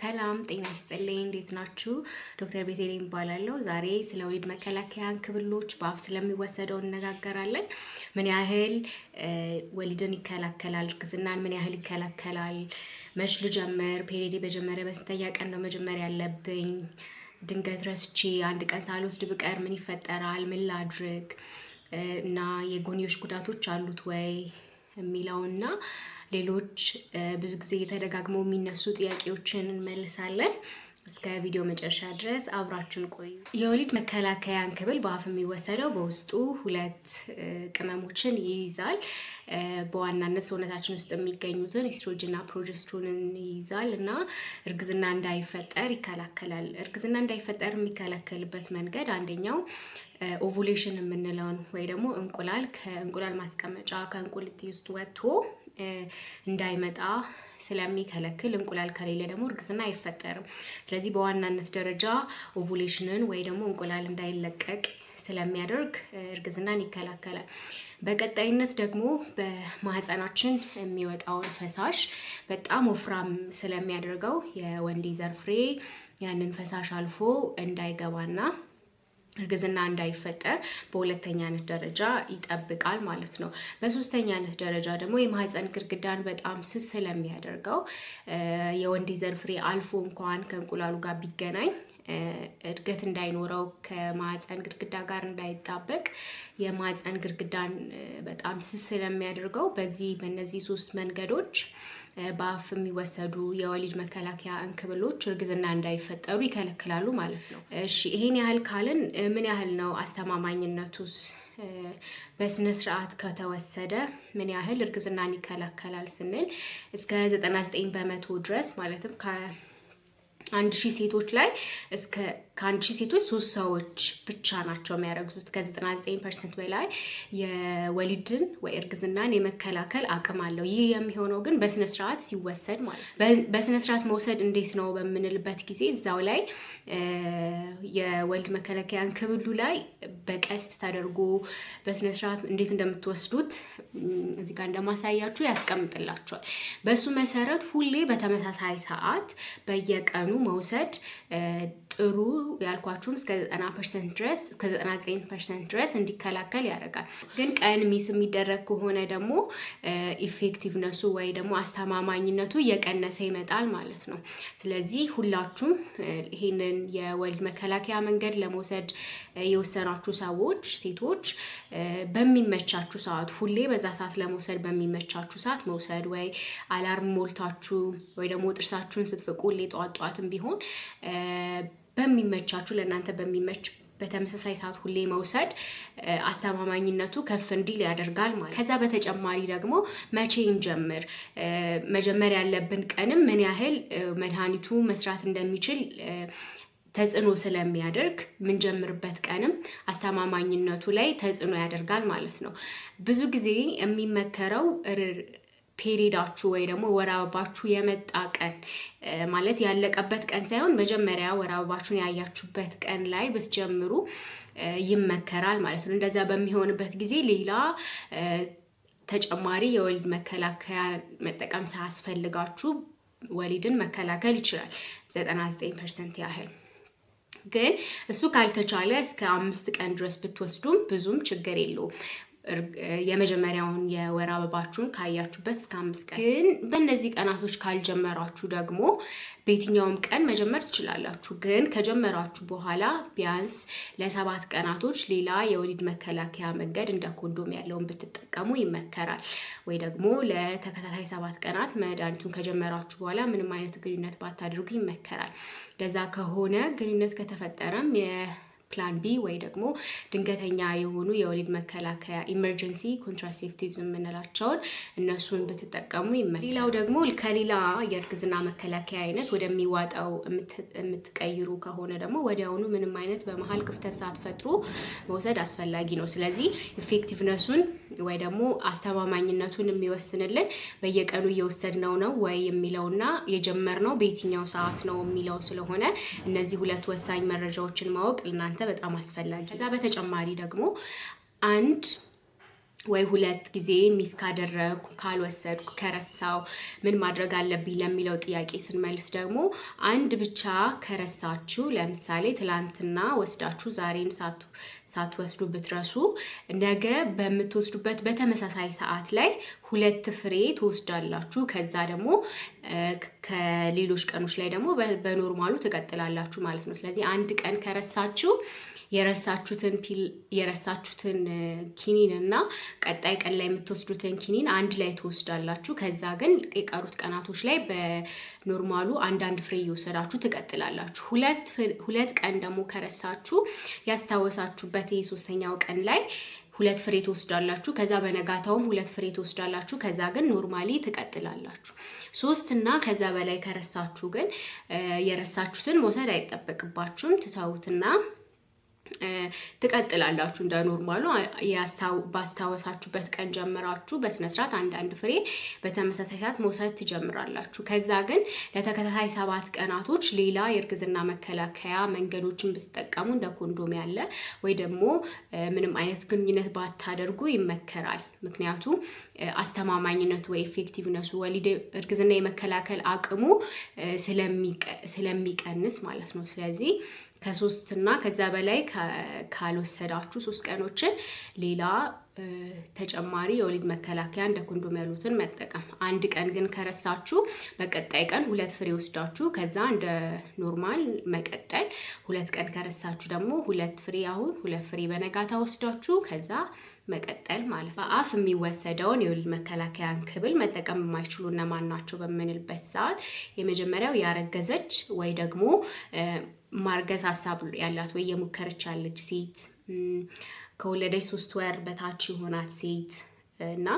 ሰላም ጤና ይስጥልኝ። እንዴት ናችሁ? ዶክተር ቤቴሌ ይባላለሁ። ዛሬ ስለ ወሊድ መከላከያ እንክብሎች በአፍ ስለሚወሰደው እነጋገራለን። ምን ያህል ወሊድን ይከላከላል? እርግዝናን ምን ያህል ይከላከላል? መች ልጀምር? ፔሬዴ በጀመረ በስንተኛ ቀን ነው መጀመር ያለብኝ? ድንገት ረስቼ አንድ ቀን ሳልወስድ ብቀር ምን ይፈጠራል? ምን ላድርግ? እና የጎንዮሽ ጉዳቶች አሉት ወይ የሚለውና ሌሎች ብዙ ጊዜ ተደጋግመው የሚነሱ ጥያቄዎችን እንመልሳለን። እስከ ቪዲዮ መጨረሻ ድረስ አብራችን ቆዩ። የወሊድ መከላከያ እንክብል በአፍ የሚወሰደው በውስጡ ሁለት ቅመሞችን ይይዛል። በዋናነት ሰውነታችን ውስጥ የሚገኙትን ኢስትሮጅንና ፕሮጀስትሮንን ይይዛል እና እርግዝና እንዳይፈጠር ይከላከላል። እርግዝና እንዳይፈጠር የሚከላከልበት መንገድ አንደኛው ኦቮሌሽን የምንለውን ወይ ደግሞ እንቁላል ከእንቁላል ማስቀመጫ ከእንቁልት ውስጥ ወጥቶ እንዳይመጣ ስለሚከለክል እንቁላል ከሌለ ደግሞ እርግዝና አይፈጠርም። ስለዚህ በዋናነት ደረጃ ኦቮሌሽንን ወይ ደግሞ እንቁላል እንዳይለቀቅ ስለሚያደርግ እርግዝናን ይከላከላል። በቀጣይነት ደግሞ በማህፀናችን የሚወጣውን ፈሳሽ በጣም ወፍራም ስለሚያደርገው የወንዴ ዘርፍሬ ያንን ፈሳሽ አልፎ እንዳይገባና እርግዝና እንዳይፈጠር በሁለተኛነት ደረጃ ይጠብቃል ማለት ነው። በሶስተኛነት ደረጃ ደግሞ የማህፀን ግድግዳን በጣም ስስ ስለሚያደርገው የወንድ ዘር ፍሬ አልፎ እንኳን ከእንቁላሉ ጋር ቢገናኝ እድገት እንዳይኖረው ከማህፀን ግድግዳ ጋር እንዳይጣበቅ የማህፀን ግድግዳን በጣም ስስ ስለሚያደርገው በዚህ በእነዚህ ሶስት መንገዶች በአፍ የሚወሰዱ የወሊድ መከላከያ እንክብሎች እርግዝና እንዳይፈጠሩ ይከለክላሉ ማለት ነው። እሺ ይሄን ያህል ካልን ምን ያህል ነው አስተማማኝነቱስ? በስነ ስርዓት ከተወሰደ ምን ያህል እርግዝናን ይከላከላል ስንል እስከ 99 በመቶ ድረስ ማለትም ከ አንድ ሺህ ሴቶች ላይ እስከ ከአንቺ ሴቶች ሶስት ሰዎች ብቻ ናቸው የሚያረግዙት። ከ99 ፐርሰንት በላይ የወሊድን ወይ እርግዝናን የመከላከል አቅም አለው። ይህ የሚሆነው ግን በስነስርዓት ሲወሰድ ማለት በስነስርዓት መውሰድ እንዴት ነው በምንልበት ጊዜ እዛው ላይ የወሊድ መከላከያ ክብሉ ላይ በቀስት ተደርጎ በስነስርዓት እንዴት እንደምትወስዱት እዚህ ጋር እንደማሳያችሁ ያስቀምጥላቸዋል። በሱ መሰረት ሁሌ በተመሳሳይ ሰዓት በየቀኑ መውሰድ ጥሩ ያልኳችሁን እስከ 90 ፐርሰንት ድረስ እስከ 99 ፐርሰንት ድረስ እንዲከላከል ያደርጋል። ግን ቀን ሚስ የሚደረግ ከሆነ ደግሞ ኢፌክቲቭነሱ ወይ ደግሞ አስተማማኝነቱ እየቀነሰ ይመጣል ማለት ነው። ስለዚህ ሁላችሁም ይሄንን የወሊድ መከላከያ መንገድ ለመውሰድ የወሰናችሁ ሰዎች፣ ሴቶች በሚመቻችሁ ሰዓት ሁሌ በዛ ሰዓት ለመውሰድ በሚመቻችሁ ሰዓት መውሰድ ወይ አላርም ሞልታችሁ ወይ ደግሞ ጥርሳችሁን ስትፍቁ ሌ ጠዋት ጠዋትም ቢሆን በሚመቻችሁ ለእናንተ በሚመች በተመሳሳይ ሰዓት ሁሌ መውሰድ አስተማማኝነቱ ከፍ እንዲል ያደርጋል ማለት። ከዛ በተጨማሪ ደግሞ መቼ እንጀምር፣ መጀመር ያለብን ቀንም ምን ያህል መድኃኒቱ መስራት እንደሚችል ተጽዕኖ ስለሚያደርግ የምንጀምርበት ቀንም አስተማማኝነቱ ላይ ተጽዕኖ ያደርጋል ማለት ነው። ብዙ ጊዜ የሚመከረው ፔሪዳችሁ ወይ ደግሞ ወር አበባችሁ የመጣ ቀን ማለት ያለቀበት ቀን ሳይሆን መጀመሪያ ወር አበባችሁን ያያችሁበት ቀን ላይ ብትጀምሩ ይመከራል ማለት ነው። እንደዚያ በሚሆንበት ጊዜ ሌላ ተጨማሪ የወሊድ መከላከያ መጠቀም ሳያስፈልጋችሁ ወሊድን መከላከል ይችላል 99 ፐርሰንት ያህል ግን እሱ ካልተቻለ እስከ አምስት ቀን ድረስ ብትወስዱም ብዙም ችግር የለውም። የመጀመሪያውን የወር አበባችሁን ካያችሁበት እስከ አምስት ቀን ግን በእነዚህ ቀናቶች ካልጀመራችሁ ደግሞ በየትኛውም ቀን መጀመር ትችላላችሁ። ግን ከጀመራችሁ በኋላ ቢያንስ ለሰባት ቀናቶች ሌላ የወሊድ መከላከያ መንገድ እንደ ኮንዶም ያለውን ብትጠቀሙ ይመከራል። ወይ ደግሞ ለተከታታይ ሰባት ቀናት መድኃኒቱን ከጀመራችሁ በኋላ ምንም አይነት ግንኙነት ባታደርጉ ይመከራል። ለዛ ከሆነ ግንኙነት ከተፈጠረም ፕላን ቢ ወይ ደግሞ ድንገተኛ የሆኑ የወሊድ መከላከያ ኢመርጀንሲ ኮንትራሴፕቲቭዝ የምንላቸውን እነሱን ብትጠቀሙ ይመ ሌላው ደግሞ ከሌላ የእርግዝና መከላከያ አይነት ወደሚዋጠው የምትቀይሩ ከሆነ ደግሞ ወዲያውኑ ምንም አይነት በመሀል ክፍተት ሳትፈጥሩ መውሰድ አስፈላጊ ነው። ስለዚህ ኢፌክቲቭነሱን ወይ ደግሞ አስተማማኝነቱን የሚወስንልን በየቀኑ እየወሰድነው ነው ወይ የሚለውና የጀመርነው በየትኛው ሰዓት ነው የሚለው ስለሆነ እነዚህ ሁለት ወሳኝ መረጃዎችን ማወቅ ልናንተ ለእናንተ በጣም አስፈላጊ። ከዛ በተጨማሪ ደግሞ አንድ ወይ ሁለት ጊዜ ሚስ ካደረግኩ ካልወሰድኩ ከረሳው ምን ማድረግ አለብኝ ለሚለው ጥያቄ ስንመልስ ደግሞ አንድ ብቻ ከረሳችሁ፣ ለምሳሌ ትላንትና ወስዳችሁ ዛሬን ሳቱ ሳትወስዱ ብትረሱ ነገ በምትወስዱበት በተመሳሳይ ሰዓት ላይ ሁለት ፍሬ ትወስዳላችሁ። ከዛ ደግሞ ከሌሎች ቀኖች ላይ ደግሞ በኖርማሉ ትቀጥላላችሁ ማለት ነው። ስለዚህ አንድ ቀን ከረሳችሁ የረሳችሁትን ፒል የረሳችሁትን ኪኒን እና ቀጣይ ቀን ላይ የምትወስዱትን ኪኒን አንድ ላይ ትወስዳላችሁ። ከዛ ግን የቀሩት ቀናቶች ላይ በኖርማሉ አንዳንድ ፍሬ እየወሰዳችሁ ትቀጥላላችሁ። ሁለት ቀን ደግሞ ከረሳችሁ ያስታወሳችሁበት ይህ ሶስተኛው ቀን ላይ ሁለት ፍሬ ትወስዳላችሁ። ከዛ በነጋታውም ሁለት ፍሬ ትወስዳላችሁ። ከዛ ግን ኖርማሊ ትቀጥላላችሁ። ሶስት እና ከዛ በላይ ከረሳችሁ ግን የረሳችሁትን መውሰድ አይጠበቅባችሁም ትተውትና ትቀጥላላችሁ እንደ ኖርማሉ ባስታወሳችሁበት ቀን ጀምራችሁ በስነስርዓት አንዳንድ ፍሬ በተመሳሳይ ሰዓት መውሰድ ትጀምራላችሁ። ከዛ ግን ለተከታታይ ሰባት ቀናቶች ሌላ የእርግዝና መከላከያ መንገዶችን ብትጠቀሙ እንደ ኮንዶም ያለ ወይ ደግሞ ምንም አይነት ግንኙነት ባታደርጉ ይመከራል። ምክንያቱ አስተማማኝነቱ ወይ ኤፌክቲቭነቱ ወሊድ እርግዝና የመከላከል አቅሙ ስለሚቀንስ ማለት ነው። ስለዚህ ከሶስት እና ከዛ በላይ ካልወሰዳችሁ ሶስት ቀኖችን ሌላ ተጨማሪ የወሊድ መከላከያ እንደ ኮንዶም ያሉትን መጠቀም። አንድ ቀን ግን ከረሳችሁ በቀጣይ ቀን ሁለት ፍሬ ወስዳችሁ ከዛ እንደ ኖርማል መቀጠል። ሁለት ቀን ከረሳችሁ ደግሞ ሁለት ፍሬ አሁን ሁለት ፍሬ በነጋታ ወስዳችሁ ከዛ መቀጠል ማለት ነው። በአፍ የሚወሰደውን የወሊድ መከላከያ እንክብል መጠቀም የማይችሉ እነማን ናቸው በምንልበት ሰዓት የመጀመሪያው ያረገዘች ወይ ደግሞ ማርገዝ ሀሳብ ያላት ወይ የሞከረች ያለች ሴት፣ ከወለደች ሶስት ወር በታች የሆናት ሴት እና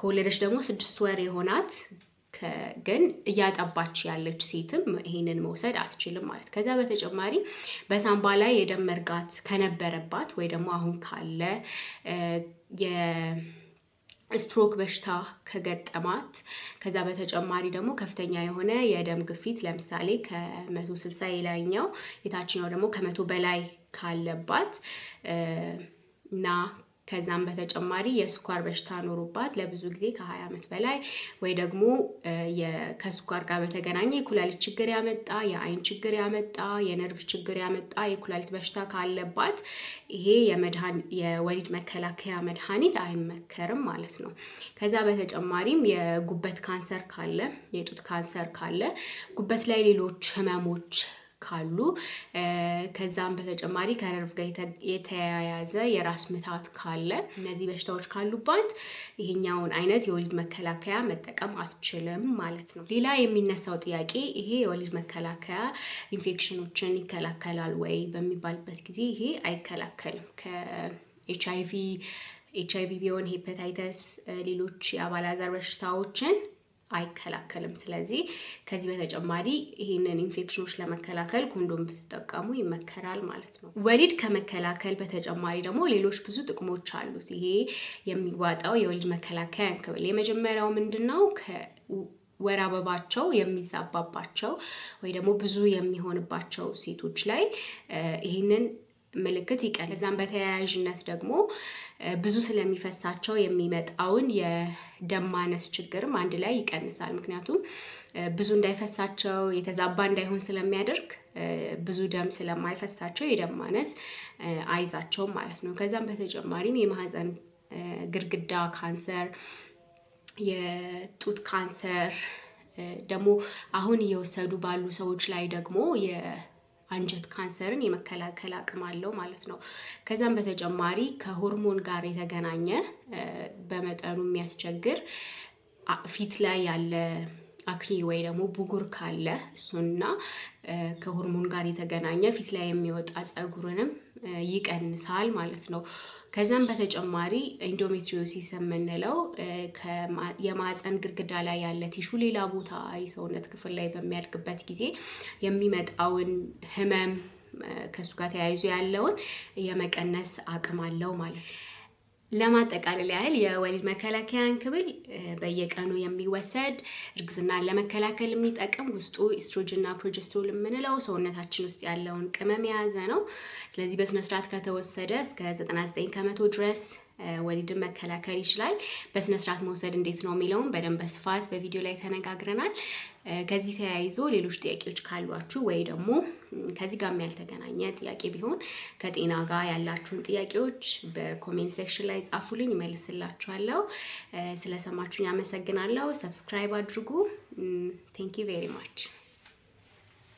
ከወለደች ደግሞ ስድስት ወር የሆናት ግን እያጠባች ያለች ሴትም ይሄንን መውሰድ አትችልም ማለት። ከዛ በተጨማሪ በሳምባ ላይ የደም መርጋት ከነበረባት ወይ ደግሞ አሁን ካለ ስትሮክ በሽታ ከገጠማት ከዛ በተጨማሪ ደግሞ ከፍተኛ የሆነ የደም ግፊት ለምሳሌ ከመቶ ስልሳ የላይኛው የታችኛው ደግሞ ከመቶ በላይ ካለባት እና ከዛም በተጨማሪ የስኳር በሽታ ኖሮባት ለብዙ ጊዜ ከ20 ዓመት በላይ ወይ ደግሞ ከስኳር ጋር በተገናኘ የኩላሊት ችግር ያመጣ፣ የአይን ችግር ያመጣ፣ የነርቭ ችግር ያመጣ የኩላሊት በሽታ ካለባት ይሄ የወሊድ መከላከያ መድኃኒት አይመከርም ማለት ነው። ከዛ በተጨማሪም የጉበት ካንሰር ካለ፣ የጡት ካንሰር ካለ ጉበት ላይ ሌሎች ህመሞች ካሉ ከዛም በተጨማሪ ከነርቭ ጋር የተያያዘ የራስ ምታት ካለ እነዚህ በሽታዎች ካሉባት ይሄኛውን አይነት የወሊድ መከላከያ መጠቀም አትችልም ማለት ነው። ሌላ የሚነሳው ጥያቄ ይሄ የወሊድ መከላከያ ኢንፌክሽኖችን ይከላከላል ወይ በሚባልበት ጊዜ ይሄ አይከላከልም። ከኤች አይቪ ኤች ቢሆን ሄፐታይተስ፣ ሌሎች የአባላዘር በሽታዎችን አይከላከልም። ስለዚህ ከዚህ በተጨማሪ ይህንን ኢንፌክሽኖች ለመከላከል ኮንዶም ብትጠቀሙ ይመከራል ማለት ነው። ወሊድ ከመከላከል በተጨማሪ ደግሞ ሌሎች ብዙ ጥቅሞች አሉት ይሄ የሚዋጣው የወሊድ መከላከያ እንክብል። የመጀመሪያው ምንድን ነው? ወር አበባቸው የሚዛባባቸው ወይ ደግሞ ብዙ የሚሆንባቸው ሴቶች ላይ ይህንን ምልክት ይቀል ከዛም በተያያዥነት ደግሞ ብዙ ስለሚፈሳቸው የሚመጣውን የደም ማነስ ችግርም አንድ ላይ ይቀንሳል። ምክንያቱም ብዙ እንዳይፈሳቸው የተዛባ እንዳይሆን ስለሚያደርግ ብዙ ደም ስለማይፈሳቸው የደም ማነስ አይዛቸውም ማለት ነው። ከዛም በተጨማሪም የማህፀን ግድግዳ ካንሰር፣ የጡት ካንሰር ደግሞ አሁን እየወሰዱ ባሉ ሰዎች ላይ ደግሞ አንጀት ካንሰርን የመከላከል አቅም አለው ማለት ነው። ከዛም በተጨማሪ ከሆርሞን ጋር የተገናኘ በመጠኑ የሚያስቸግር ፊት ላይ ያለ አክኒ ወይ ደግሞ ብጉር ካለ እሱና ከሆርሞን ጋር የተገናኘ ፊት ላይ የሚወጣ ጸጉርንም ይቀንሳል ማለት ነው። ከዚያም በተጨማሪ ኢንዶሜትሪዮሲስ የምንለው የማፀን ግድግዳ ላይ ያለ ቲሹ ሌላ ቦታ የሰውነት ክፍል ላይ በሚያድግበት ጊዜ የሚመጣውን ህመም ከእሱ ጋር ተያይዞ ያለውን የመቀነስ አቅም አለው ማለት ነው። ለማጠቃለል ያህል የወሊድ መከላከያ እንክብል በየቀኑ የሚወሰድ እርግዝናን ለመከላከል የሚጠቅም ውስጡ ኢስትሮጅንና ፕሮጀስትሮል የምንለው ሰውነታችን ውስጥ ያለውን ቅመም የያዘ ነው። ስለዚህ በስነስርዓት ከተወሰደ እስከ 99 ከመቶ ድረስ ወሊድን መከላከል ይችላል። በስነስርዓት መውሰድ እንዴት ነው የሚለውን በደንብ በስፋት በቪዲዮ ላይ ተነጋግረናል። ከዚህ ተያይዞ ሌሎች ጥያቄዎች ካሏችሁ ወይ ደግሞ ከዚህ ጋር ያልተገናኘ ጥያቄ ቢሆን ከጤና ጋር ያላችሁን ጥያቄዎች በኮሜንት ሴክሽን ላይ ጻፉልኝ፣ መልስላችኋለሁ። ስለሰማችሁኝ አመሰግናለሁ። ሰብስክራይብ አድርጉ። ቴንክ ዩ ቬሪ ማች